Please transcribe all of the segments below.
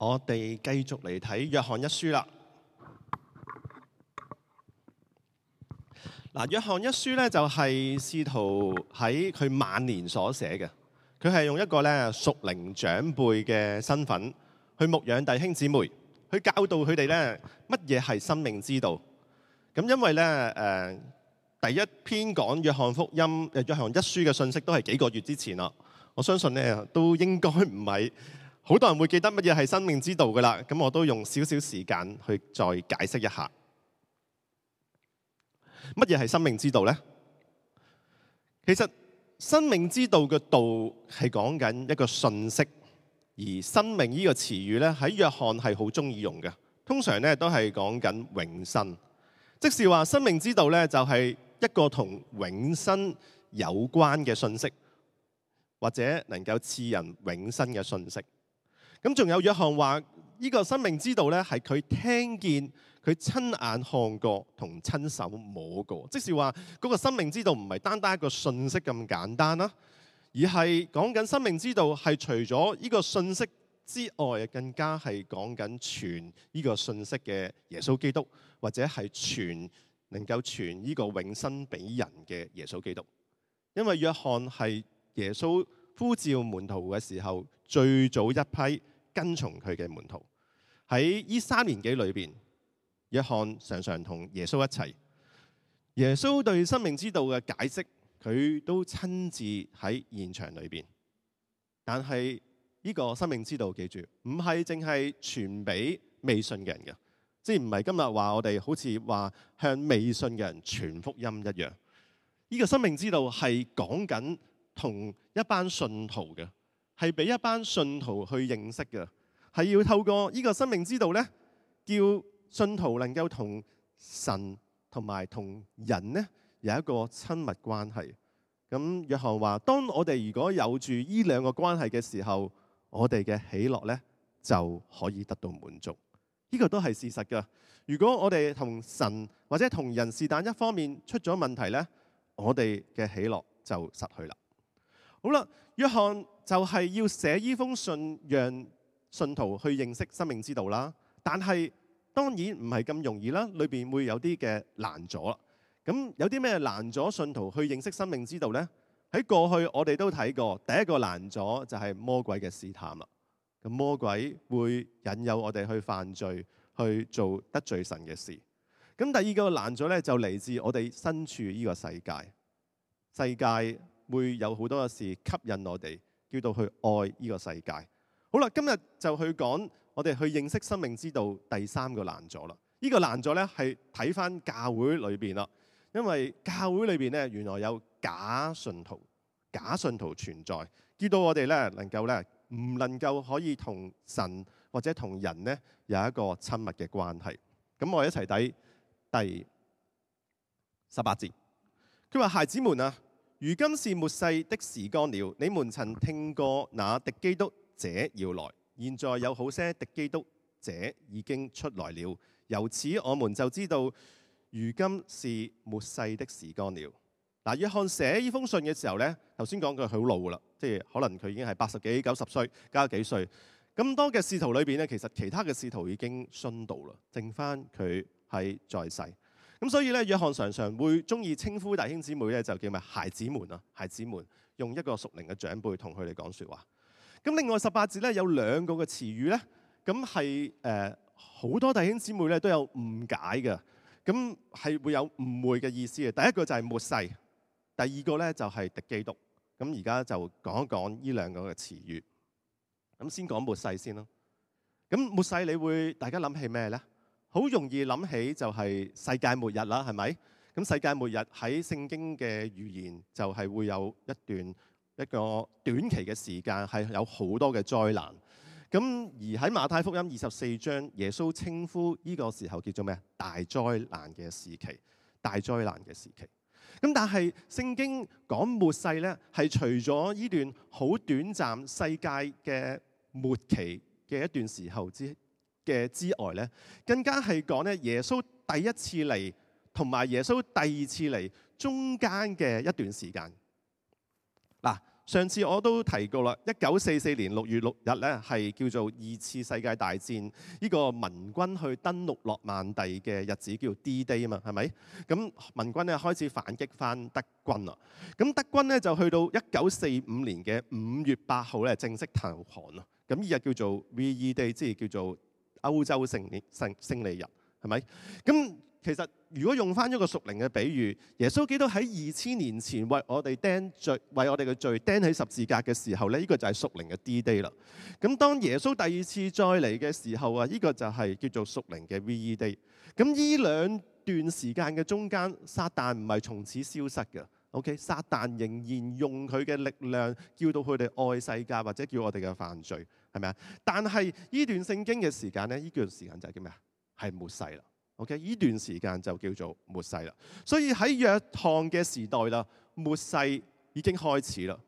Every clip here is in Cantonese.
我哋繼續嚟睇約翰一書啦。嗱，約翰一書咧就係使徒喺佢晚年所寫嘅，佢係用一個咧屬靈長輩嘅身份去牧養弟兄姊妹，去教導佢哋咧乜嘢係生命之道。咁因為咧誒，第一篇講約翰福音，誒約翰一書嘅信息都係幾個月之前啦。我相信咧都應該唔係。好多人會記得乜嘢係生命之道㗎喇，咁我都用少少時間去再解釋一下。乜嘢係生命之道呢？其實生命之道嘅道係講緊一個信息，而生命呢個詞語呢，喺約翰係好鍾意用嘅，通常呢，都係講緊永生。即是話生命之道呢，就係一個同永生有關嘅信息，或者能夠賜人永生嘅信息。咁仲有約翰話呢個生命之道咧，係佢聽見，佢親眼看過同親手摸過，即是話嗰個生命之道唔係單單一個信息咁簡單啦，而係講緊生命之道係除咗呢個信息之外，更加係講緊傳呢個信息嘅耶穌基督，或者係傳能夠傳呢個永生俾人嘅耶穌基督。因為約翰係耶穌。呼召門徒嘅時候，最早一批跟從佢嘅門徒，喺呢三年幾裏邊，約翰常常同耶穌一齊。耶穌對生命之道嘅解釋，佢都親自喺現場裏邊。但係呢個生命之道，記住唔係淨係傳俾未信嘅人嘅，即係唔係今日話我哋好似話向未信嘅人傳福音一樣。呢個生命之道係講緊，同一班信徒嘅，係俾一班信徒去認識嘅，係要透過呢個生命之道呢，叫信徒能夠同神，同埋同人呢，有一個親密關係。咁約翰話：當我哋如果有住呢兩個關係嘅時候，我哋嘅喜樂呢就可以得到滿足。呢個都係事實㗎。如果我哋同神或者同人是但一方面出咗問題呢，我哋嘅喜樂就失去啦。好啦，約翰就係要寫呢封信，讓信徒去認識生命之道啦。但係當然唔係咁容易啦，裏邊會有啲嘅難阻。咁有啲咩難阻信徒去認識生命之道呢？喺過去我哋都睇過，第一個難阻就係魔鬼嘅試探啦。咁魔鬼會引誘我哋去犯罪，去做得罪神嘅事。咁第二個難阻呢，就嚟自我哋身處呢個世界，世界。會有好多嘅事吸引我哋，叫到去愛呢個世界。好啦，今日就去講我哋去認識生命之道第三個難咗啦。呢個難咗咧係睇翻教會裏面啦，因為教會裏面咧原來有假信徒、假信徒存在，叫到我哋咧能夠咧唔能夠可以同神或者同人咧有一個親密嘅關係。咁我哋一齊睇第十八節。佢話：孩子們啊！如今是末世的時光了。你們曾聽過那敵基督者要來，現在有好些敵基督者已經出來了。由此，我們就知道如今是末世的時光了。嗱，約翰寫呢封信嘅時候呢，頭先講佢好老啦，即係可能佢已經係八十幾、九十歲、加幾歲。咁多嘅使徒裏邊呢，其實其他嘅使徒已經殉道了，剩翻佢喺在世。咁所以咧，約翰常常會鍾意稱呼弟兄姊妹咧，就叫咩？孩子們啊，孩子們，用一個熟齡嘅長輩同佢哋講説話。咁另外十八節咧，有兩個嘅詞語咧，咁係誒好多弟兄姊妹咧都有誤解嘅，咁係會有誤會嘅意思嘅。第一個就係末世，第二個咧就係敵基督。咁而家就講一講呢兩個嘅詞語。咁先講末世先啦。咁末世你會大家諗起咩咧？好容易諗起就係世界末日啦，係咪？咁世界末日喺聖經嘅預言就係會有一段一個短期嘅時間，係有好多嘅災難。咁而喺馬太福音二十四章，耶穌稱呼呢個時候叫做咩？大災難嘅時期，大災難嘅時期。咁但係聖經講末世呢，係除咗呢段好短暫世界嘅末期嘅一段時候之嘅之外咧，更加係講咧耶穌第一次嚟同埋耶穌第二次嚟中間嘅一段時間。嗱，上次我都提過啦，一九四四年六月六日咧係叫做二次世界大戰呢、呢個民軍去登陸諾曼第嘅日子，叫 D Day 啊嘛，係咪？咁民軍咧開始反擊翻德軍啦。咁德軍咧就去到一九四五年嘅五月八號咧正式投降啦。咁呢日叫做 V E Day，即係叫做。歐洲勝利勝利日係咪？咁其實如果用翻一個屬靈嘅比喻，耶穌基督喺二千年前為我哋釘罪，為我哋嘅罪釘喺十字架嘅時候咧，呢個就係屬靈嘅 D Day 啦。咁當耶穌第二次再嚟嘅時候啊，呢個就係叫做屬靈嘅 V E Day。咁呢兩段時間嘅中間，撒旦唔係從此消失嘅。OK，撒旦仍然用佢嘅力量叫到佢哋愛世界或者叫我哋嘅犯罪。係咪啊？但係呢段聖經嘅時間咧，呢段時間就係叫咩啊？係末世啦。OK，呢段時間就叫做末世啦。所以喺約翰嘅時代啦，末世已經開始啦。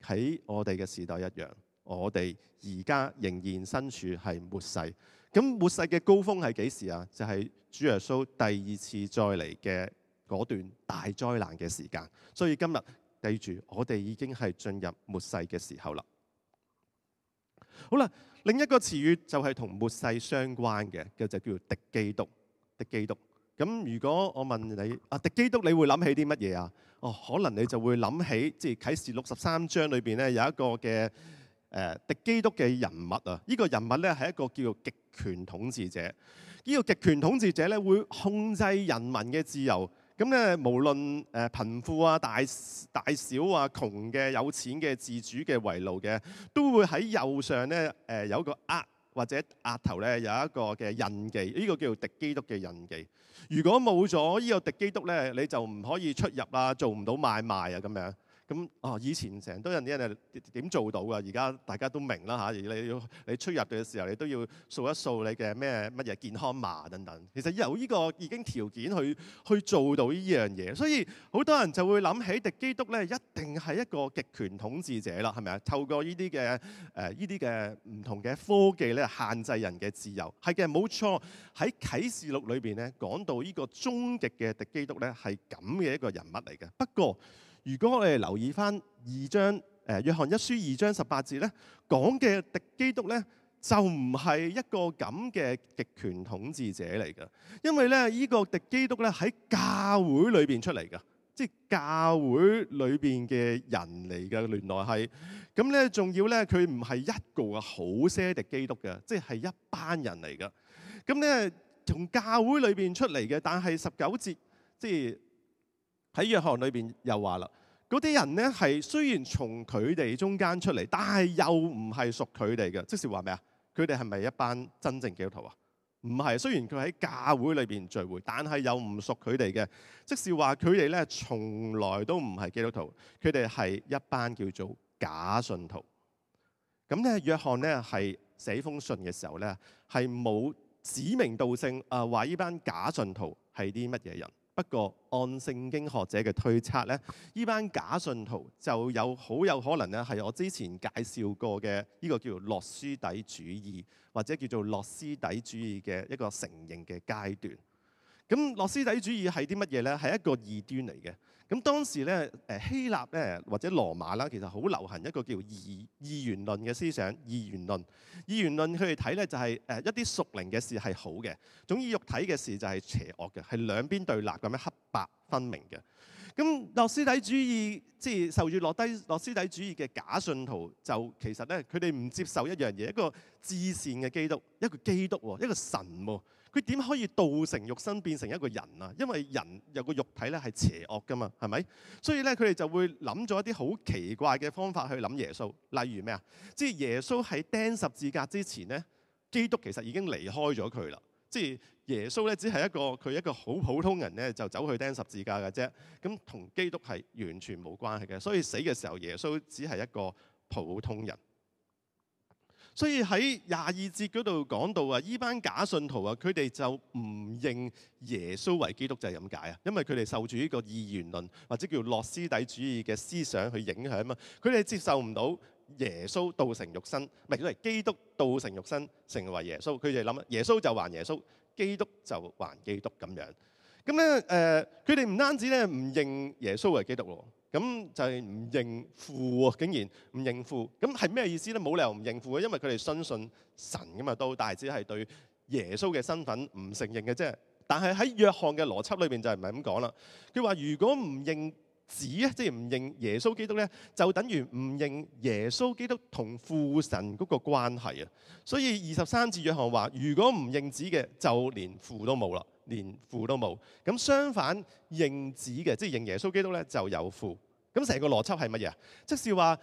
喺我哋嘅時代一樣，我哋而家仍然身處係末世。咁末世嘅高峰係幾時啊？就係主耶穌第二次再嚟嘅嗰段大災難嘅時間。所以今日記住，我哋已經係進入末世嘅時候啦。好啦，另一個詞語就係同末世相關嘅，嘅就叫做敵基督，敵基督。咁如果我問你啊，敵基督，你會諗起啲乜嘢啊？哦，可能你就會諗起，即係啟示錄十三章裏邊咧有一個嘅誒敵基督嘅人物啊。呢個人物咧係一個叫做極權統治者。呢個極權統治者咧會控制人民嘅自由。咁咧，無論誒貧富啊、大大小啊、窮嘅、有錢嘅、自主嘅、為奴嘅，都會喺右上咧誒、呃、有一個額或者額頭咧有一個嘅印記，呢、呢個叫做敵基督嘅印記。如果冇咗呢個敵基督咧，你就唔可以出入啦，做唔到買賣啊咁樣。咁哦，以前成多人啲人點做到噶？而家大家都明啦嚇、啊。你要你出入嘅時候，你都要掃一掃你嘅咩乜嘢健康碼等等。其實有呢個已經條件去去做到呢樣嘢，所以好多人就會諗起敵基督咧，一定係一個極權統治者啦，係咪啊？透過呢啲嘅誒呢啲嘅唔同嘅科技咧，限制人嘅自由。係嘅，冇錯。喺啟示錄裏邊咧，講到呢個終極嘅敵基督咧，係咁嘅一個人物嚟嘅。不過，如果我哋留意翻二章，誒、呃、約翰一書二章十八節咧，講嘅敵基督咧就唔係一個咁嘅極權統治者嚟嘅，因為咧呢、呢個敵基督咧喺教會裏邊出嚟嘅，即係教會裏邊嘅人嚟嘅，原來係咁，咧仲要咧佢唔係一個好些敵基督嘅，即係一班人嚟嘅，咁咧從教會裏邊出嚟嘅，但係十九節即係。喺約翰裏邊又話啦，嗰啲人咧係雖然從佢哋中間出嚟，但係又唔係屬佢哋嘅。即是話咩啊？佢哋係咪一班真正基督徒啊？唔係，雖然佢喺教會裏邊聚會，但係又唔屬佢哋嘅。即是話佢哋咧，從來都唔係基督徒，佢哋係一班叫做假信徒。咁咧，約翰咧係寫封信嘅時候咧，係冇指名道姓啊，話呢班假信徒係啲乜嘢人。一個按聖經學者嘅推測呢，呢班假信徒就有好有可能咧，係我之前介紹過嘅呢個叫做洛斯底主義，或者叫做洛斯底主義嘅一個成形嘅階段。咁諾斯底主義係啲乜嘢咧？係一個異端嚟嘅。咁當時咧，希臘咧或者羅馬啦，其實好流行一個叫二二元論嘅思想。二元論，二元論佢哋睇咧就係、誒、一啲屬靈嘅事係好嘅，總以肉體嘅事就係邪惡嘅，係兩邊對立咁樣黑白分明嘅。咁諾斯底主義即係受住諾低諾斯底主義嘅假信徒，就其實咧佢哋唔接受一樣嘢，一個至善嘅基督，一個基督喎，一個神喎、哦。佢點可以道成肉身變成一個人啊？因為人有個肉體咧係邪惡噶嘛，係咪？所以咧佢哋就會諗咗一啲好奇怪嘅方法去諗耶穌。例如咩啊？即係耶穌喺釘十字架之前咧，基督其實已經離開咗佢啦。即係耶穌咧只係一個佢一個好普通人咧就走去釘十字架嘅啫。咁同基督係完全冇關係嘅。所以死嘅時候耶穌只係一個普通人。所以喺廿二節嗰度講到啊，呢班假信徒啊，佢哋就唔認耶穌為基督就係咁解啊，因為佢哋受住呢個二元論或者叫諾斯底主義嘅思想去影響啊，佢哋接受唔到耶穌道成肉身，咪係，係基督道成肉身成為耶穌，佢哋諗啊，耶穌就還耶穌，基督就還基督咁樣。咁咧誒，佢哋唔單止咧唔認耶穌為基督喎。咁就係唔認父喎，啊，竟然唔認父，咁係咩意思咧？冇理由唔認父嘅，啊，因為佢哋相信神噶嘛，都大致係對耶穌嘅身份唔承認嘅啫。但係喺約翰嘅邏輯裏面就，就係唔係咁講啦。佢話如果唔認子咧，即係唔認耶穌基督咧，就等於唔認耶穌基督同父神嗰個關係啊。所以二十三節約翰話：如果唔認子嘅，就連父都冇啦。連父都冇，咁相反認子嘅，即係認耶穌基督咧就有父。咁成個邏輯係乜嘢啊？即是話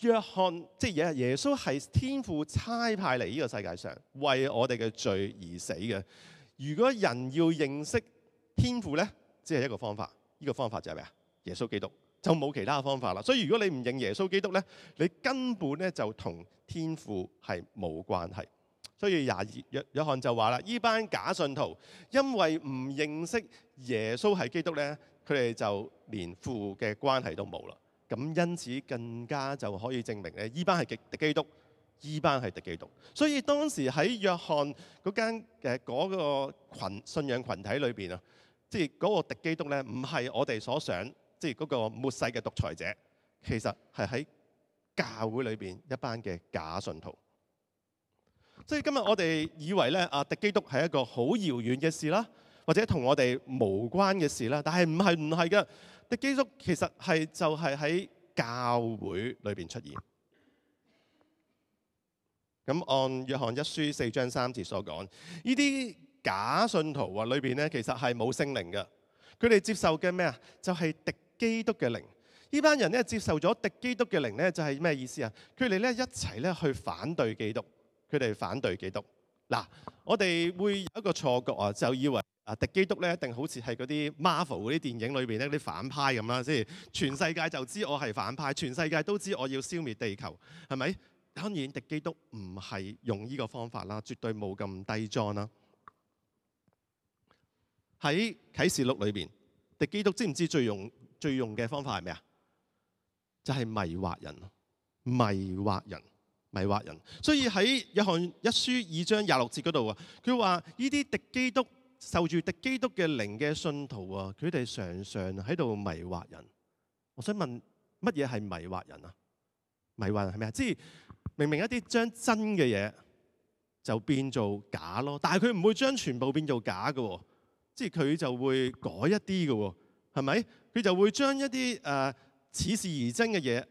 約翰，即係耶耶穌係天父差派嚟呢個世界上，為我哋嘅罪而死嘅。如果人要認識天父咧，只係一個方法。呢個方法就係咩啊？耶穌基督，就冇其他方法啦。所以如果你唔認耶穌基督咧，你根本咧就同天父係冇關係。所以約翰就話啦，呢班假信徒因為唔認識耶穌係基督呢，佢哋就連父嘅關係都冇啦。咁因此更加就可以證明咧，呢班係敵基督，呢班係敵基督。所以當時喺約翰嗰間誒嗰個群信仰群體裏邊啊，即係嗰個敵基督呢，唔係我哋所想，即係嗰個末世嘅獨裁者，其實係喺教會裏邊一班嘅假信徒。所以今日我哋以為咧，啊，敵基督係一個好遙遠嘅事啦，或者同我哋無關嘅事啦。但係唔係唔係嘅，敵基督其實係就係、是、喺教會裏邊出現。咁按約翰一書四章三節所講，呢啲假信徒啊裏邊咧，其實係冇聖靈嘅。佢哋接受嘅咩啊？就係、是、敵基督嘅靈。這呢班人咧接受咗敵基督嘅靈咧，就係、是、咩意思啊？佢哋咧一齊咧去反對基督。佢哋反對基督。嗱，我哋會有一個錯覺啊，就以為啊，敵基督咧一定好似係嗰啲 Marvel 嗰啲電影裏邊呢啲反派咁啦，即係全世界就知我係反派，全世界都知我要消滅地球，係咪？當然，敵基督唔係用呢個方法啦，絕對冇咁低裝啦。喺啟示錄裏邊，敵基督知唔知最用最用嘅方法係咩啊？就係迷惑人，迷惑人。迷惑人，所以喺約翰一書二章廿六節嗰度啊，佢話：依啲敵基督受住敵基督嘅靈嘅信徒啊，佢哋常常喺度迷惑人。我想問乜嘢係迷惑人啊？迷惑人係咩？啊？即係明明一啲將真嘅嘢就變做假咯，但係佢唔會將全部變做假嘅，即係佢就會改一啲嘅，係咪？佢就會將一啲誒似是而真嘅嘢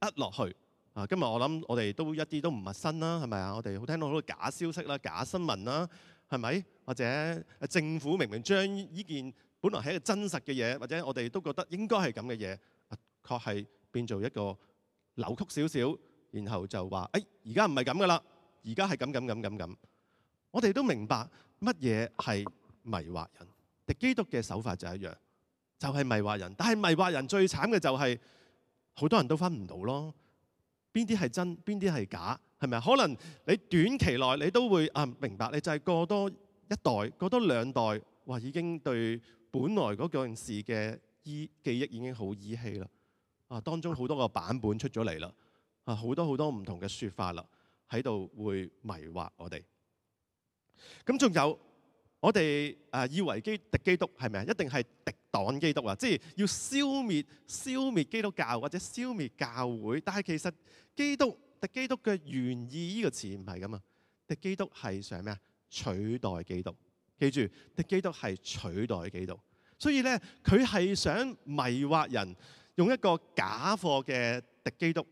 呃落去。啊，今日我諗我哋都一啲都唔陌生啦，係咪啊？我哋好聽到好多假消息啦、假新聞啦，係咪？或者政府明明將呢件本來係一個真實嘅嘢，或者我哋都覺得應該係咁嘅嘢，確係變做一個扭曲少少，然後就話誒而家唔係咁噶啦，而家係咁咁咁咁咁。我哋都明白乜嘢係迷惑人，敵基督嘅手法就係一樣，就係、是、迷惑人。但係迷惑人最慘嘅就係、是、好多人都分唔到咯。邊啲係真，邊啲係假，係咪啊？可能你短期內你都會啊明白，你就係過多一代、過多兩代，哇已經對本來嗰件事嘅依記憶已經好依稀啦。啊，當中好多個版本出咗嚟啦，啊好多好多唔同嘅説法啦，喺度會迷惑我哋。咁仲有我哋啊以為基敵基督係咪啊？一定係敵黨基督啊，即係要消滅消滅基督教或者消滅教會，但係其實。基督，敵基督嘅原意呢個詞唔係㗎嘛！敵基督係想咩？取代基督，記住，敵基督係取代基督，所以呢，佢係想迷惑人，用一個假貨嘅敵基督，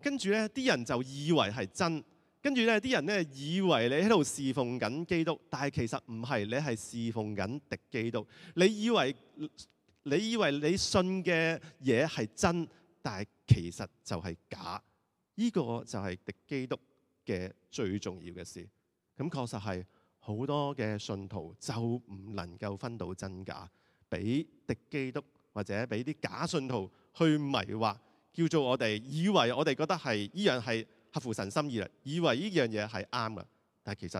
跟住呢啲人就以為係真，跟住呢啲人呢，人以為你喺度侍奉緊基督，但係其實唔係，你係侍奉緊敵基督。你以為你以為你信嘅嘢係真，但係其實就係假。呢個就係敵基督嘅最重要嘅事，咁確實係好多嘅信徒就唔能夠分到真假，俾敵基督或者俾啲假信徒去迷惑，叫做我哋以為我哋覺得係依樣係合乎神心意啦，以為依樣嘢係啱啦，但其實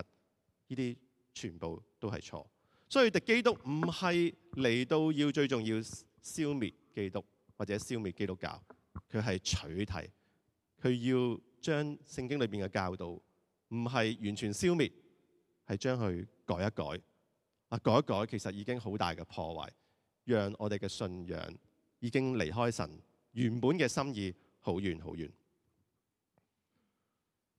呢啲全部都係錯。所以敵基督唔係嚟到要最重要消滅基督或者消滅基督教，佢係取替。佢要將聖經裏邊嘅教導，唔係完全消滅，係將佢改一改。啊，改一改其實已經好大嘅破壞，讓我哋嘅信仰已經離開神原本嘅心意好遠好遠。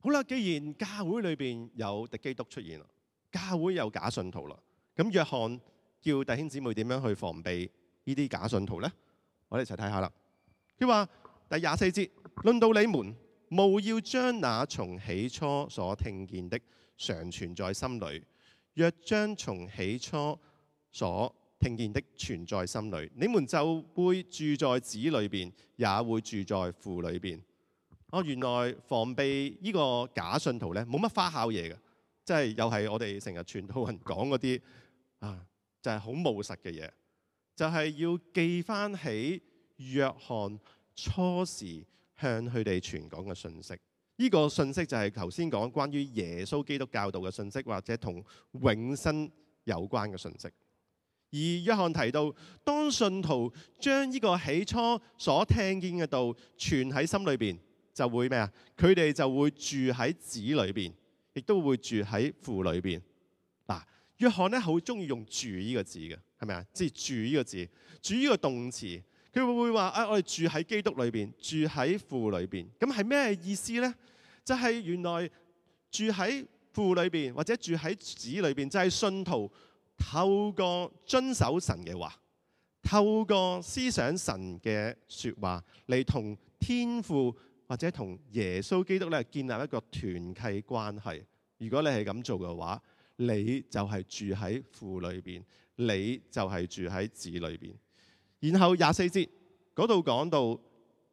好啦，既然教會裏邊有敵基督出現啦，教會有假信徒啦，咁約翰叫弟兄姊妹點樣去防備呢啲假信徒咧？我哋一齊睇下啦。佢話第廿四節。論到你們，務要將那從起初所聽見的常存在心裏。若將從起初所聽見的存在心裏，你們就會住在子裏邊，也會住在父裏邊。我、哦、原來防備呢個假信徒咧，冇乜花巧嘢嘅，即係又係我哋成日傳道人講嗰啲啊，就係好務實嘅嘢，就係、是、要記翻起約翰初時。向佢哋傳講嘅信息，呢個信息就係頭先講關於耶穌基督教導嘅信息，或者同永生有關嘅信息。而約翰提到，當信徒將呢個起初所聽見嘅道傳喺心裏邊，就會咩啊？佢哋就會住喺子裏邊，亦都會住喺父裏邊。嗱，約翰咧好中意用住呢個字嘅，係咪啊？即係住呢個字，住呢個動詞。佢會話，誒、哎，我哋住喺基督裏邊，住喺父裏邊，咁係咩意思呢？就係、是、原來住喺父裏邊，或者住喺子裏邊，就係、是、信徒透過遵守神嘅話，透過思想神嘅説話，嚟同天父或者同耶穌基督咧建立一個團契關係。如果你係咁做嘅話，你就係住喺父裏邊，你就係住喺子裏邊。然後廿四節嗰度講到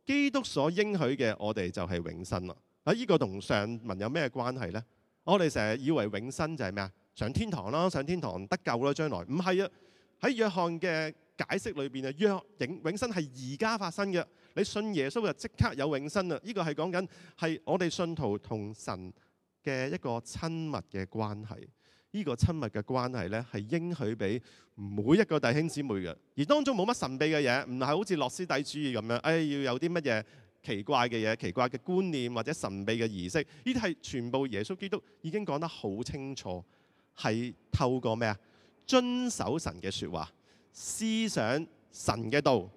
基督所應許嘅，我哋就係永生啦。啊，呢個同上文有咩關係呢？我哋成日以為永生就係咩啊？上天堂啦，上天堂得救啦，將來唔係啊！喺約翰嘅解釋裏邊啊，約永永生係而家發生嘅。你信耶穌就即刻有永生啦。呢個係講緊係我哋信徒同神嘅一個親密嘅關係。呢個親密嘅關係呢，係應許俾每一個弟兄姊妹嘅，而當中冇乜神秘嘅嘢，唔係好似諾斯底主義咁樣。哎，要有啲乜嘢奇怪嘅嘢、奇怪嘅觀念或者神秘嘅儀式，呢啲係全部耶穌基督已經講得好清楚，係透過咩啊？遵守神嘅説話，思想神嘅道，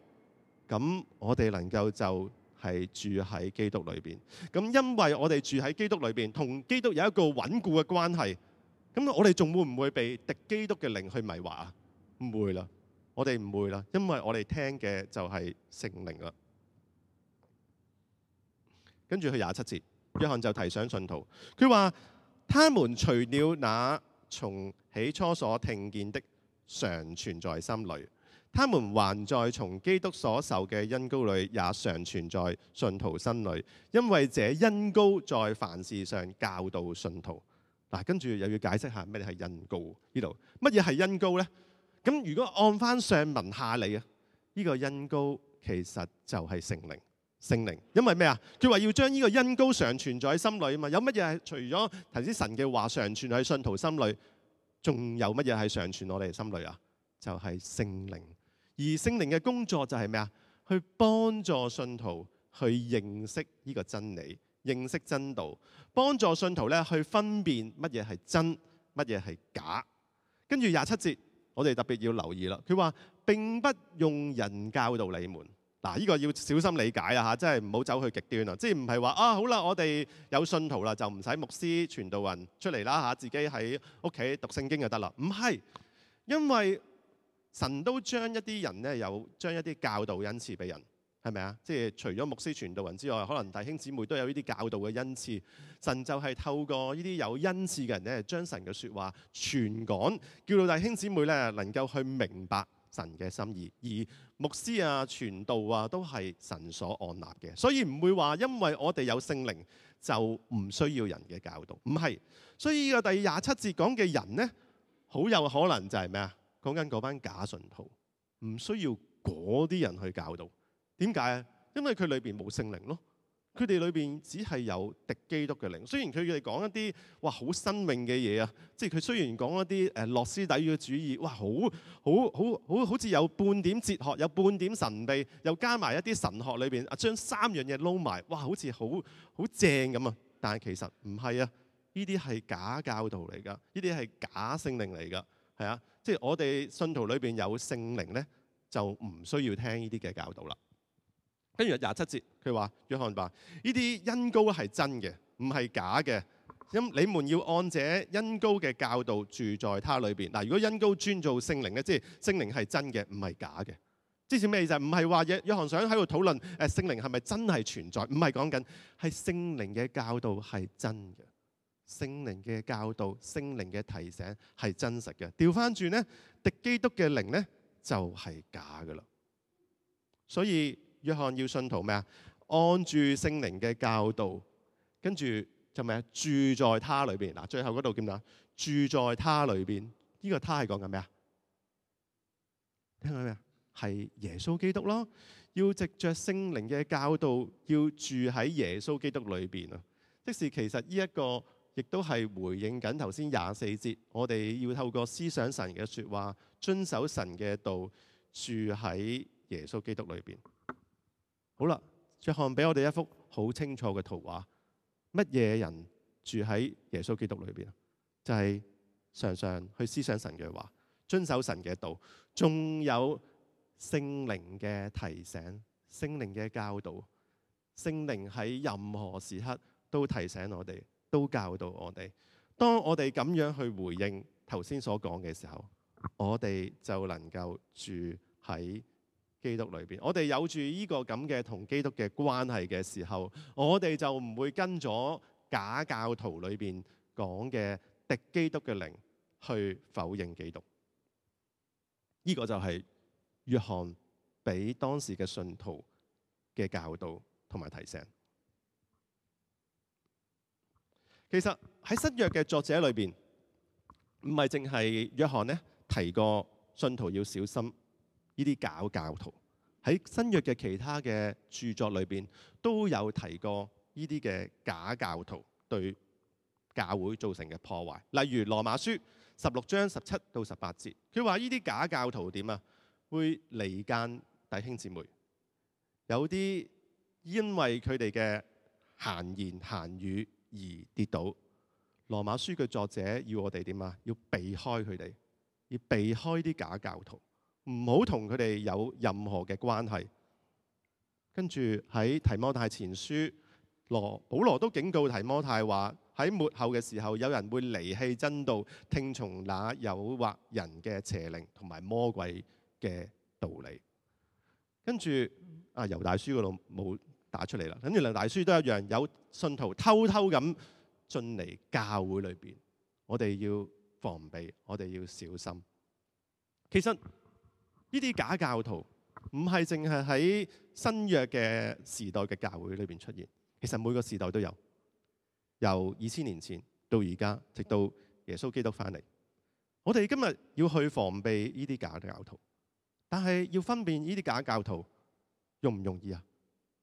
咁我哋能夠就係住喺基督裏邊。咁因為我哋住喺基督裏邊，同基督有一個穩固嘅關係。咁我哋仲會唔會被敵基督嘅靈去迷惑？啊？唔會啦，我哋唔會啦，因為我哋聽嘅就係聖靈啦。跟住去廿七節，約翰就提醒信徒，佢話：他們除了那從起初所聽見的常存在心裏，他們還在從基督所受嘅恩膏裏也常存在信徒心裏，因為這恩膏在凡事上教導信徒。嗱，跟住又要解釋下咩係恩膏呢度？乜嘢係恩膏咧？咁如果按翻上文下理啊，呢個恩膏其實就係聖靈，聖靈。因為咩啊？佢話要將呢個恩膏常存在喺心裏啊嘛。有乜嘢係除咗頭先神嘅話常存喺信徒心裏，仲有乜嘢係常存我哋心裏啊？就係聖靈。而聖靈嘅工作就係咩啊？去幫助信徒去認識呢個真理。認識真道，幫助信徒咧去分辨乜嘢係真，乜嘢係假。跟住廿七節，我哋特別要留意啦。佢話：並不用人教導你們。嗱，呢個要小心理解啊嚇，真係唔好走去極端啊。即係唔係話啊，好啦，我哋有信徒啦，就唔使牧師傳道人出嚟啦嚇，自己喺屋企讀聖經就得啦。唔係，因為神都將一啲人咧，有將一啲教導恩賜俾人。係咪啊？即係除咗牧師傳道人之外，可能弟兄姊妹都有呢啲教導嘅恩賜。神就係透過呢啲有恩賜嘅人咧，將神嘅說話傳講，叫到弟兄姊妹咧能夠去明白神嘅心意。而牧師啊、傳道啊，都係神所按立嘅，所以唔會話因為我哋有聖靈就唔需要人嘅教導。唔係，所以呢個第廿七節講嘅人咧，好有可能就係咩啊？講緊嗰班假信徒，唔需要嗰啲人去教導。點解啊？因為佢裏邊冇聖靈咯。佢哋裏邊只係有敵基督嘅靈。雖然佢哋講一啲哇好生命嘅嘢啊，即係佢雖然講一啲誒諾斯底嘅主義，哇好好好好好似有半點哲學，有半點神秘，又加埋一啲神學裏邊啊，將三樣嘢撈埋，哇好像很很似好好正咁啊！但係其實唔係啊，呢啲係假教導嚟㗎，呢啲係假聖靈嚟㗎，係啊。即係我哋信徒裏邊有聖靈咧，就唔需要聽呢啲嘅教導啦。跟住廿七節，佢話：約翰話，呢啲恩膏係真嘅，唔係假嘅。因你們要按這恩膏嘅教導住在他裏邊。嗱，如果恩膏專做聖靈嘅，即係聖靈係真嘅，唔係假嘅。即係咩意思？唔係話約約翰想喺度討論，誒聖靈係咪真係存在？唔係講緊係聖靈嘅教導係真嘅，聖靈嘅教導、聖靈嘅提醒係真實嘅。調翻轉呢，敵基督嘅靈呢，就係假嘅啦。所以。約翰要信徒咩啊？按住聖靈嘅教導，跟住就咩啊？住在他裏邊嗱，最後嗰度叫咩啊？住在他裏邊，呢個他係講緊咩啊？聽到咩啊？係耶穌基督咯。要藉着聖靈嘅教導，要住喺耶穌基督裏邊啊！即是其實呢一個亦都係回應緊頭先廿四節，我哋要透過思想神嘅說話，遵守神嘅道，住喺耶穌基督裏邊。好啦，約翰俾我哋一幅好清楚嘅圖畫。乜嘢人住喺耶穌基督裏邊啊？就係常常去思想神嘅話，遵守神嘅道，仲有聖靈嘅提醒、聖靈嘅教導，聖靈喺任何時刻都提醒我哋，都教導我哋。當我哋咁樣去回應頭先所講嘅時候，我哋就能夠住喺。基督裏邊，我哋有住呢個咁嘅同基督嘅關係嘅時候，我哋就唔會跟咗假教徒裏邊講嘅敵基督嘅靈去否認基督。呢個就係約翰俾當時嘅信徒嘅教導同埋提醒。其實喺新約嘅作者裏邊，唔係淨係約翰呢提過信徒要小心。呢啲假教徒喺新約嘅其他嘅著作裏邊都有提過呢啲嘅假教徒對教會造成嘅破壞。例如羅馬書十六章十七到十八節，佢話呢啲假教徒點啊？會離間弟兄姊妹，有啲因為佢哋嘅閒言閒語而跌倒。羅馬書嘅作者要我哋點啊？要避開佢哋，要避開啲假教徒。唔好同佢哋有任何嘅關係。跟住喺提摩太前書，羅保羅都警告提摩太話：喺末後嘅時候，有人會離棄真道，聽從那誘惑人嘅邪靈同埋魔鬼嘅道理。跟住啊，猶大書嗰度冇打出嚟啦。跟住林大書都一樣，有信徒偷偷咁進嚟教會裏邊，我哋要防備，我哋要小心。其實。呢啲假教徒唔係淨係喺新約嘅時代嘅教會裏邊出現，其實每個時代都有，由二千年前到而家，直到耶穌基督翻嚟。我哋今日要去防備呢啲假教徒，但係要分辨呢啲假教徒容唔容易啊？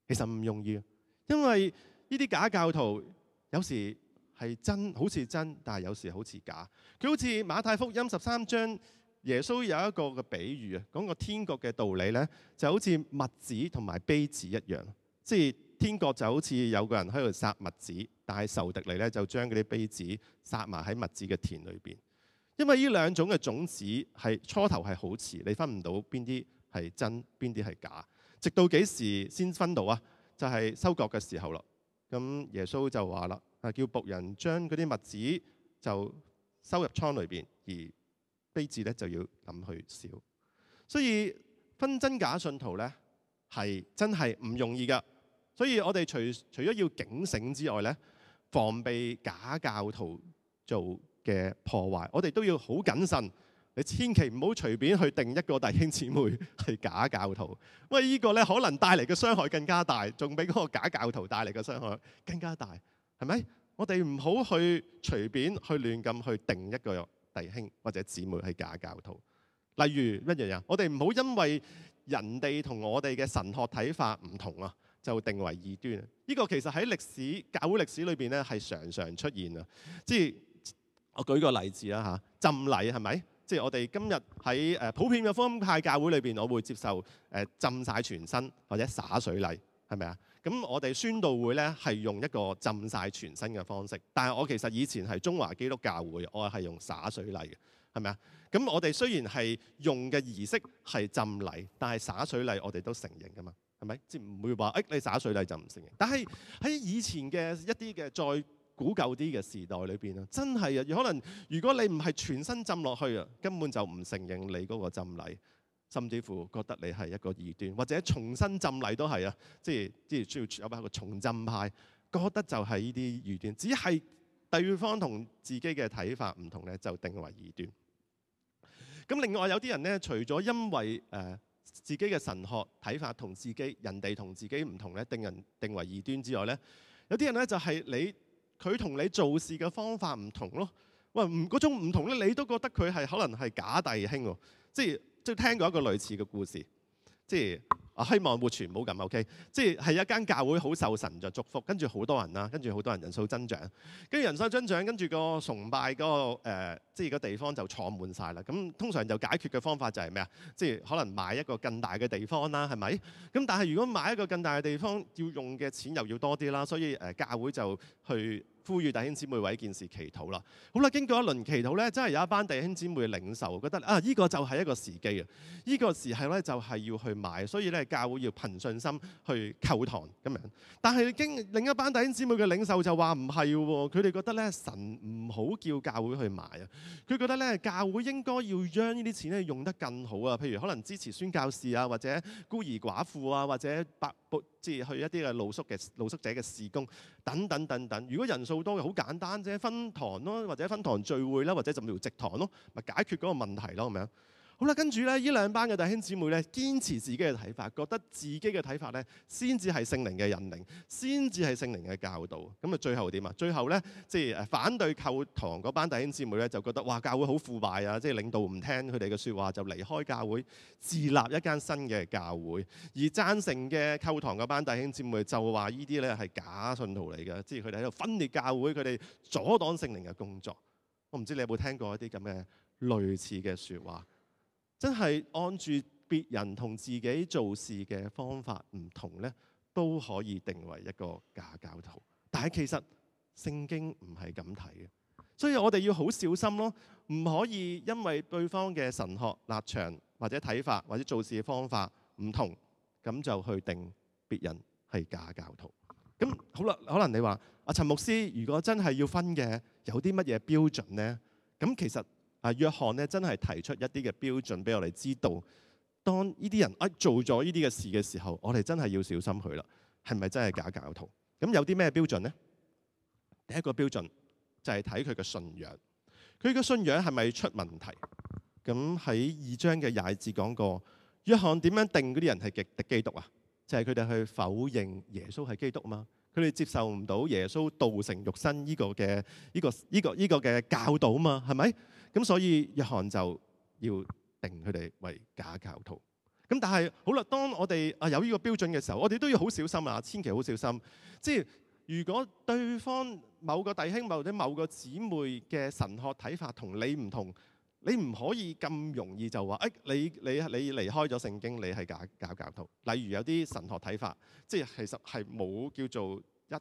其實唔容易啊，因為呢啲假教徒有時係真，好似真，但係有時好似假。佢好似馬太福音十三章。耶穌有一個嘅比喻啊，講個天國嘅道理呢，就好似麥子同埋稗子一樣，即係天國就好似有個人喺度撒麥子，但係仇敵嚟呢，就將嗰啲稗子撒埋喺麥子嘅田裏邊，因為呢兩種嘅種子係初頭係好似，你分唔到邊啲係真，邊啲係假，直到幾時先分到啊？就係收割嘅時候咯。咁耶穌就話啦，啊叫僕人將嗰啲麥子就收入倉裏邊而。非字咧就要諗去少，所以分真假信徒咧係真係唔容易㗎。所以我哋除除咗要警醒之外咧，防備假教徒做嘅破壞，我哋都要好謹慎。你千祈唔好隨便去定一個弟兄姊妹係假教徒，因為呢個咧可能帶嚟嘅傷害更加大，仲比嗰個假教徒帶嚟嘅傷害更加大，係咪？我哋唔好去隨便去亂咁去定一個弟兄或者姊妹係假教徒，例如乜嘢啊？我哋唔好因為人哋同我哋嘅神學睇法唔同啊，就定為異端。呢個其實喺歷史教會歷史裏邊咧，係常常出現啊。即係我舉個例子啦嚇，浸禮係咪？即係我哋今日喺誒普遍嘅福音派教會裏邊，我會接受誒浸晒全身或者灑水禮。係咪啊？咁我哋宣道會呢係用一個浸晒全身嘅方式，但係我其實以前係中華基督教會，我係用灑水禮嘅，係咪啊？咁我哋雖然係用嘅儀式係浸禮，但係灑水禮我哋都承認㗎嘛，係咪？即唔會話誒你灑水禮就唔承認。但係喺以前嘅一啲嘅再古舊啲嘅時代裏邊啊，真係啊，可能如果你唔係全身浸落去啊，根本就唔承認你嗰個浸禮。甚至乎覺得你係一個異端，或者重新浸禮都係啊，即係即係需要有一個重浸派，覺得就係呢啲異端。只係對方同自己嘅睇法唔同咧，就定為異端。咁另外有啲人咧，除咗因為誒、呃、自己嘅神學睇法同自己人哋同自己唔同咧，定人定為異端之外咧，有啲人咧就係、是、你佢同你做事嘅方法唔同咯。喂，唔嗰種唔同咧，你都覺得佢係可能係假弟兄喎，即係。即聽過一個類似嘅故事，即係希望活傳唔好咁，OK？即係一間教會好受神嘅祝福，跟住好多人啦，跟住好多人人數增長，跟住人數增長，跟住個崇拜、嗰個、呃、即個地方就坐滿晒啦。咁通常就解決嘅方法就係咩啊？即係可能買一個更大嘅地方啦，係咪？咁但係如果買一個更大嘅地方，要用嘅錢又要多啲啦，所以、呃、教會就去。呼籲弟兄姊妹為一件事祈禱啦。好啦，經過一輪祈禱咧，真係有一班弟兄姊妹嘅領袖覺得啊，呢個就係一個時機啊！呢個時候咧就係要去買，所以咧教會要憑信心去購堂咁樣。但係經另一班弟兄姊妹嘅領袖就話唔係喎，佢哋、啊、覺得咧神唔好叫教會去買啊！佢覺得咧教會應該要將呢啲錢咧用得更好啊，譬如可能支持宣教士啊，或者孤兒寡婦啊，或者百。即係去一啲嘅露宿嘅露宿者嘅事工等等等等。如果人數多嘅，好簡單啫，分堂咯，或者分堂聚會啦，或者就叫植堂咯，咪解決嗰個問題咯，咁樣。好啦，跟住咧，呢兩班嘅弟兄姊妹咧，堅持自己嘅睇法，覺得自己嘅睇法咧，先至係聖靈嘅引領，先至係聖靈嘅教導。咁啊，最後點啊？最後咧，即係誒反對扣堂嗰班弟兄姊妹咧，就覺得哇，教會好腐敗啊！即係領導唔聽佢哋嘅說話，就離開教會，自立一間新嘅教會。而贊成嘅扣堂嗰班弟兄姊妹就話：呢啲咧係假信徒嚟嘅，即係佢哋喺度分裂教會，佢哋阻擋聖靈嘅工作。我唔知你有冇聽過一啲咁嘅類似嘅說話。真係按住別人同自己做事嘅方法唔同呢，都可以定為一個假教徒。但係其實聖經唔係咁睇嘅，所以我哋要好小心咯，唔可以因為對方嘅神學立場或者睇法或者做事嘅方法唔同，咁就去定別人係假教徒。咁好啦，可能你話阿陳牧師，如果真係要分嘅，有啲乜嘢標準呢？咁其實啊！約翰咧真係提出一啲嘅標準俾我哋知道，當呢啲人啊做咗呢啲嘅事嘅時候，我哋真係要小心佢啦。係咪真係假教徒？咁有啲咩標準呢？第一個標準就係睇佢嘅信仰，佢嘅信仰係咪出問題？咁喺二章嘅廿二講過，約翰點樣定嗰啲人係極敵基督啊？就係佢哋去否認耶穌係基督嘛？佢哋接受唔到耶穌道成肉身呢個嘅呢、這個呢、這個呢、這個嘅教導嘛？係咪？咁所以約翰就要定佢哋為假教徒。咁但係好啦，當我哋啊有呢個標準嘅時候，我哋都要好小心啊，千祈好小心。即係如果對方某個弟兄或者某個姊妹嘅神學睇法同你唔同，你唔可以咁容易就話：誒，你你你離開咗聖經，你係假假教徒。例如有啲神學睇法，即係其實係冇叫做一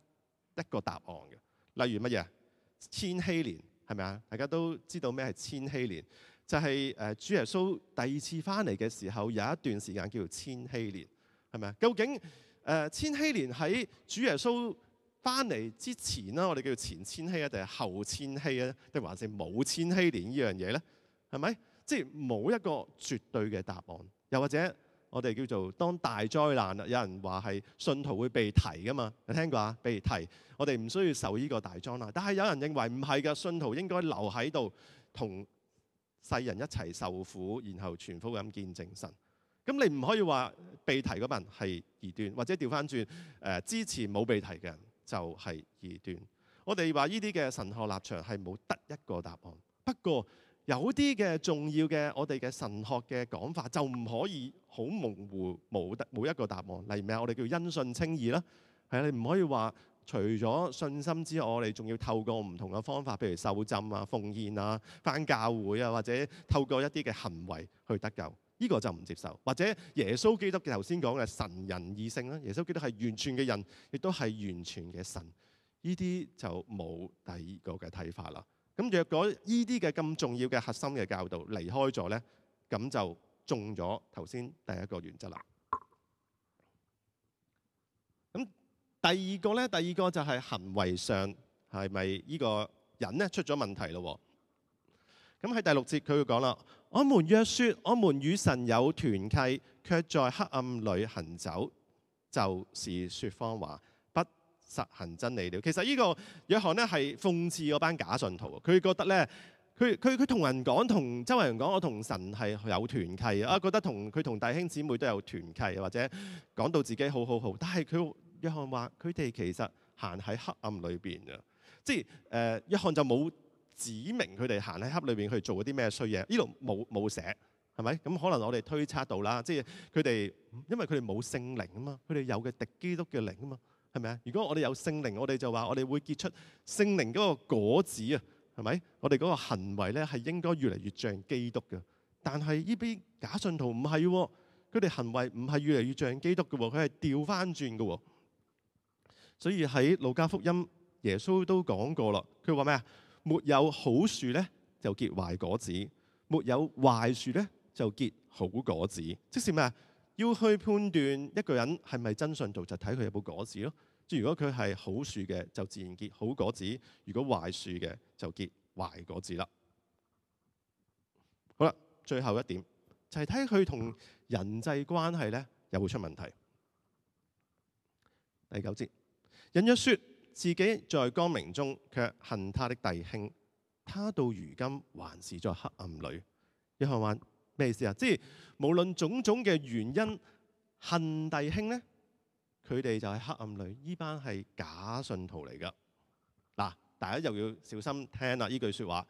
一個答案嘅。例如乜嘢千禧年？係咪啊？大家都知道咩係千禧年？就係、呃、主耶穌第二次翻嚟嘅時候，有一段時間叫做千禧年，係咪啊？究竟、呃、千禧年喺主耶穌翻嚟之前啦，我哋叫做前千禧啊，定係後千禧啊，定還是冇千禧年呢樣嘢咧？係咪？即係冇一個絕對嘅答案，又或者，我哋叫做當大災難啊！有人話係信徒會被提噶嘛？有聽過啊？被提，我哋唔需要受呢個大災難。但係有人認為唔係嘅，信徒應該留喺度同世人一齊受苦，然後傳福音、見證神。咁你唔可以話被提嗰班係異端，或者調翻轉誒支持冇被提嘅就係異端。我哋話呢啲嘅神學立場係冇得一個答案。不過，有啲嘅重要嘅我哋嘅神學嘅講法就唔可以好模糊，冇得冇一個答案，例如咩我哋叫因信稱義啦，係啊，你唔可以話除咗信心之外，我哋仲要透過唔同嘅方法，譬如受浸啊、奉獻啊、返教會啊，或者透過一啲嘅行為去得救，呢個就唔接受。或者耶穌基督嘅頭先講嘅神人二性啦，耶穌基督係完全嘅人，亦都係完全嘅神，呢啲就冇第二個嘅睇法啦。咁若果依啲嘅咁重要嘅核心嘅教導離開咗咧，咁就中咗頭先第一個原則啦。咁第二個咧，第二個就係行為上係咪依個人咧出咗問題咯？咁喺第六節，佢會講啦，我們若說我們與神有團契，卻在黑暗裏行走，就是說謊話。實行真理了。其實呢個約翰咧係諷刺嗰班假信徒。佢覺得咧，佢佢佢同人講，同周圍人講，我同神係有團契啊。覺得同佢同弟兄姊妹都有團契，或者講到自己好好好。但係佢約翰話，佢哋其實行喺黑暗裏邊㗎，即係誒、呃、約翰就冇指明佢哋行喺黑裏邊去做啲咩衰嘢。呢度冇冇寫係咪？咁可能我哋推測到啦。即係佢哋因為佢哋冇聖靈啊嘛，佢哋有嘅敵基督嘅靈啊嘛。係咪啊？如果我哋有聖靈，我哋就話我哋會結出聖靈嗰個果子啊。係咪？我哋嗰個行為咧，係應該越嚟越像基督嘅。但係呢啲假信徒唔係喎，佢哋行為唔係越嚟越像基督嘅喎，佢係掉返轉嘅喎。所以喺路加福音，耶穌都講過啦。佢話咩啊？沒有好樹咧，就結壞果子；沒有壞樹咧，就結好果子。即是咩啊？要去判斷一個人係咪真信道，就睇佢有冇果子咯。即係如果佢係好樹嘅，就自然結好果子；如果壞樹嘅，就結壞果子啦。好啦，最後一點就係睇佢同人際關係咧，有冇出問題。第九節，人若說自己在光明中，卻恨他的弟兄；他到如今還是在黑暗裏。一號話。咩意思啊？即係無論種種嘅原因，恨弟兄咧，佢哋就係黑暗裏，依班係假信徒嚟噶。嗱，大家又要小心聽啦，依句說話，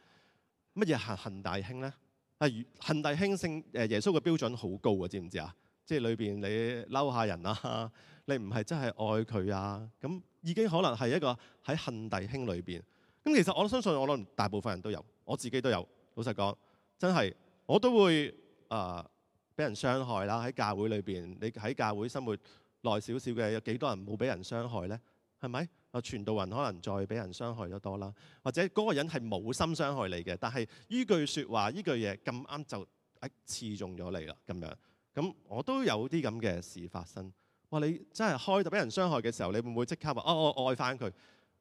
乜嘢係恨弟兄咧？係恨弟兄，聖誒耶穌嘅標準好高啊，知唔知啊？即係裏邊你嬲下人啊，你唔係真係愛佢啊，咁已經可能係一個喺恨弟兄裏邊。咁其實我相信我諗大部分人都有，我自己都有。老實講，真係。我都會啊，呃、俾人傷害啦！喺教會裏邊，你喺教會生活耐少少嘅，有幾多人冇俾人傷害呢？係咪啊？傳道人可能再俾人傷害咗多啦，或者嗰個人係冇心傷害你嘅，但係呢句説話呢句嘢咁啱就誒刺中咗你啦。咁樣咁我都有啲咁嘅事發生。哇！你真係開到俾人傷害嘅時候，你會唔會即刻話、哦、我愛翻佢？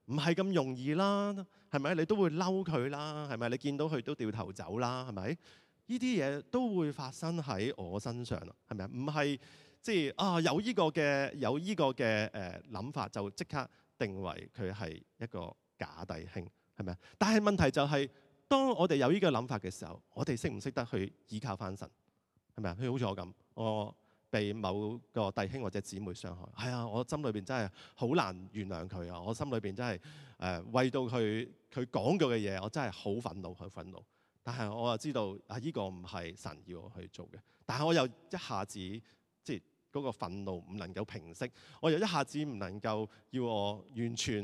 唔係咁容易啦，係咪？你都會嬲佢啦，係咪？你見到佢都掉頭走啦，係咪？呢啲嘢都會發生喺我身上啦，係咪啊？唔係即係啊，有呢個嘅有依個嘅誒諗法就即刻定為佢係一個假弟兄，係咪啊？但係問題就係、是，當我哋有呢個諗法嘅時候，我哋識唔識得去依靠返神？係咪啊？譬如好似我咁，我被某個弟兄或者姊妹傷害，係、哎、啊，我心裏邊真係好難原諒佢啊！我心裏邊真係誒、呃、為到佢佢講過嘅嘢，我真係好憤怒，好憤怒。但係我又知道啊，呢個唔係神要我去做嘅。但係我又一下子即係嗰個憤怒唔能夠平息，我又一下子唔能夠要我完全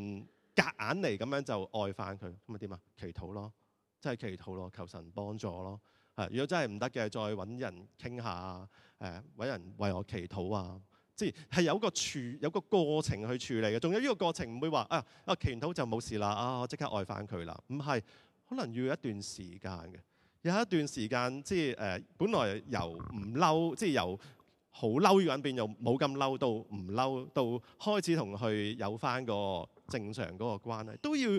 隔硬嚟咁樣就愛翻佢。咁咪點啊？祈禱咯，即係祈禱咯，求神幫助咯。嚇，如果真係唔得嘅，再揾人傾下啊，揾人為我祈禱啊。即係有個處有個過程去處理嘅。仲有呢個過程唔會話啊，啊祈完禱就冇事啦啊，我即刻愛翻佢啦。唔係。可能要一段時間嘅，有一段時間即係誒、呃，本來由唔嬲，即係由好嬲咁變，又冇咁嬲到唔嬲，到開始同佢有翻個正常嗰個關係，都要有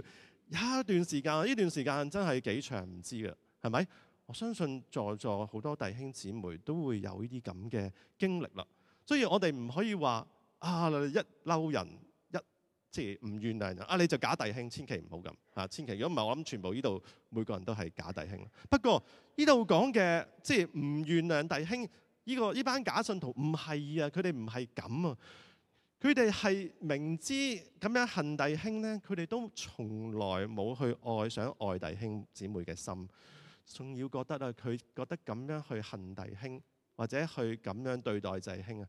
一段時間。呢段時間真係幾長唔知嘅，係咪？我相信在座好多弟兄姊妹都會有呢啲咁嘅經歷啦，所以我哋唔可以話啊一嬲人。即係唔原諒人，啊你就假弟兄，千祈唔好咁㗎。千祈如果唔係，我諗全部呢度每個人都係假弟兄。不過呢度講嘅即係唔原諒弟兄，呢、呢個呢班假信徒唔係啊，佢哋唔係咁啊。佢哋係明知咁樣恨弟兄咧，佢哋都從來冇去愛上愛弟兄姊妹嘅心，仲要覺得啊，佢覺得咁樣去恨弟兄或者去咁樣對待弟兄啊，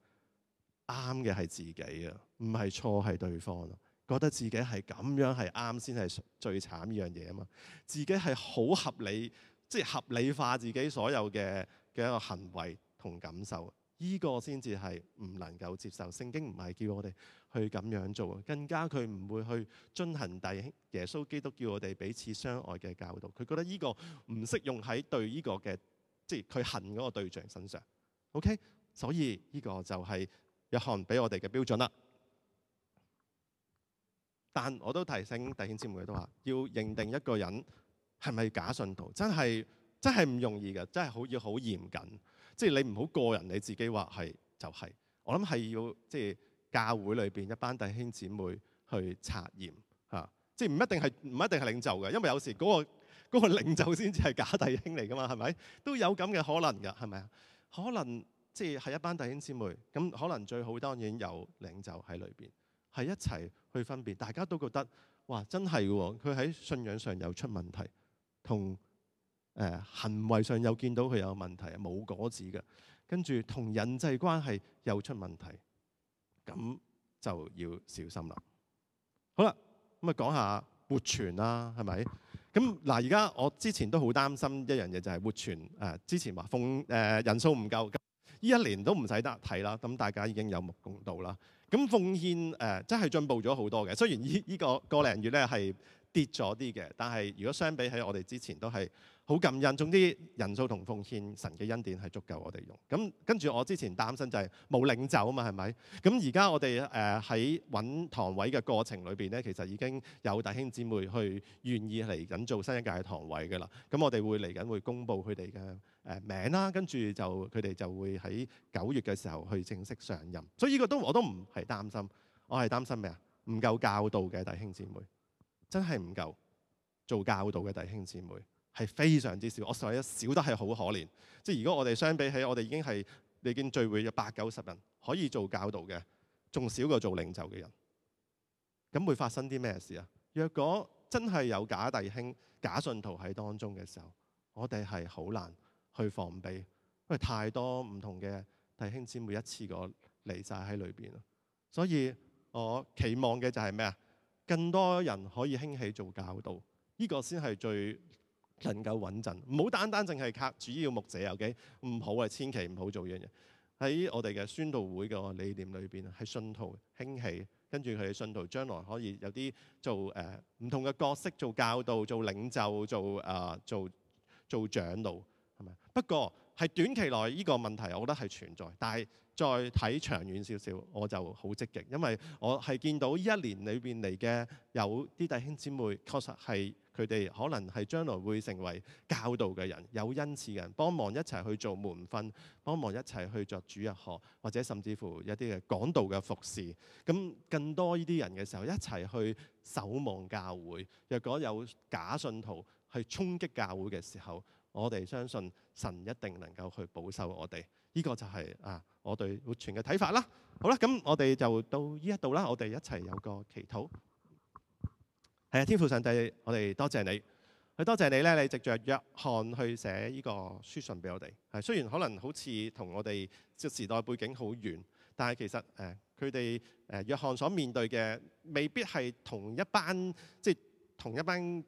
啱嘅係自己啊，唔係錯係對方啊。覺得自己係咁樣係啱先係最最慘依樣嘢啊嘛，自己係好合理，即係合理化自己所有嘅嘅一個行為同感受，呢個先至係唔能夠接受。聖經唔係叫我哋去咁樣做，更加佢唔會去遵行帝耶穌基督叫我哋彼此相愛嘅教導。佢覺得呢個唔適用喺對呢個嘅，即係佢恨嗰個對象身上。OK，所以呢個就係約翰俾我哋嘅標準啦。但我都提醒弟兄姊妹都話，要認定一個人係咪假信徒，真係真係唔容易嘅，真係好要好嚴謹，即係你唔好個人你自己話係就係、是，我諗係要即係教會裏邊一班弟兄姊妹去察驗，吓。即係唔一定係唔一定係領袖嘅，因為有時嗰個嗰個領袖先至係假弟兄嚟噶嘛，係咪？都有咁嘅可能嘅，係咪啊？可能即係係一班弟兄姊妹，咁可能最好當然有領袖喺裏邊。係一齊去分辨，大家都覺得哇，真係嘅，佢喺信仰上又出問題，同誒、呃、行為上又見到佢有問題，冇果子嘅，跟住同人際關係又出問題，咁就要小心啦。好啦，咁啊講下活存啦，係咪？咁嗱，而家我之前都好擔心一樣嘢，就係、是、活存。誒、呃，之前話奉誒人數唔夠，呢一年都唔使得睇啦。咁大家已經有目共睹啦。咁奉獻誒、呃、真係進步咗好多嘅，雖然依、依、依個、依個零月咧係跌咗啲嘅，但係如果相比起我哋之前都係。好感恩，總之人數同奉獻神嘅恩典係足夠我哋用。咁跟住我之前擔心就係冇領袖啊嘛，係咪？咁而家我哋誒喺揾堂位嘅過程裏邊咧，其實已經有弟兄姊妹去願意嚟緊做新一屆嘅堂位㗎啦。咁我哋會嚟緊會公布佢哋嘅誒名啦，跟住就佢哋就會喺九月嘅時候去正式上任。所以呢個都我都唔係擔心，我係擔心咩啊？唔夠教導嘅弟兄姊妹，真係唔夠做教導嘅弟兄姊妹。係非常之少，我實話，一少得係好可憐。即係如果我哋相比起，我哋已經係你見聚會有八九十人可以做教導嘅，仲少過做領袖嘅人。咁會發生啲咩事啊？若果真係有假弟兄、假信徒喺當中嘅時候，我哋係好難去防備，因為太多唔同嘅弟兄姊妹一次過嚟晒喺裏邊。所以我期望嘅就係咩啊？更多人可以興起做教導，呢、呢個先係最。能夠穩陣，唔好單單淨係靠主要目者有 k，唔好啊，千祈唔好做樣嘢。喺我哋嘅宣道會嘅理念裏邊啊，係信徒興起，跟住佢哋信徒將來可以有啲做誒唔、呃、同嘅角色，做教導、做領袖、做啊、呃、做做長老，係咪？不過係短期內呢、這個問題，我覺得係存在。但係再睇長遠少少，我就好積極，因為我係見到一年裏邊嚟嘅有啲弟兄姊妹，確實係。佢哋可能係將來會成為教導嘅人、有恩賜嘅人、幫忙一齊去做門訓、幫忙一齊去作主日學，或者甚至乎一啲嘅講道嘅服侍。咁更多呢啲人嘅時候，一齊去守望教會。若果有假信徒去衝擊教會嘅時候，我哋相信神一定能夠去保守我哋。呢、這個就係、是、啊，我對活泉嘅睇法啦。好啦，咁我哋就到呢一度啦。我哋一齊有個祈禱。係啊，天父上帝，我哋多謝你，多謝你咧，你藉着約翰去寫呢個書信俾我哋。係雖然可能好似同我哋即時代背景好遠，但係其實誒，佢哋誒約翰所面對嘅未必係同一班即同一班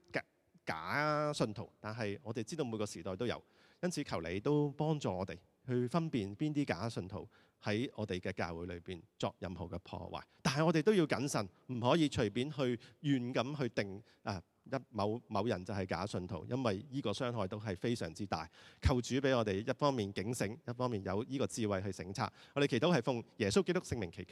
假信徒，但係我哋知道每個時代都有，因此求你都幫助我哋去分辨邊啲假信徒，喺我哋嘅教會裏邊作任何嘅破壞，但係我哋都要謹慎，唔可以隨便去亂咁去定啊一某某人就係假信徒，因為呢個傷害都係非常之大。求主俾我哋一方面警醒，一方面有呢個智慧去省察。我哋祈禱係奉耶穌基督聖名祈求。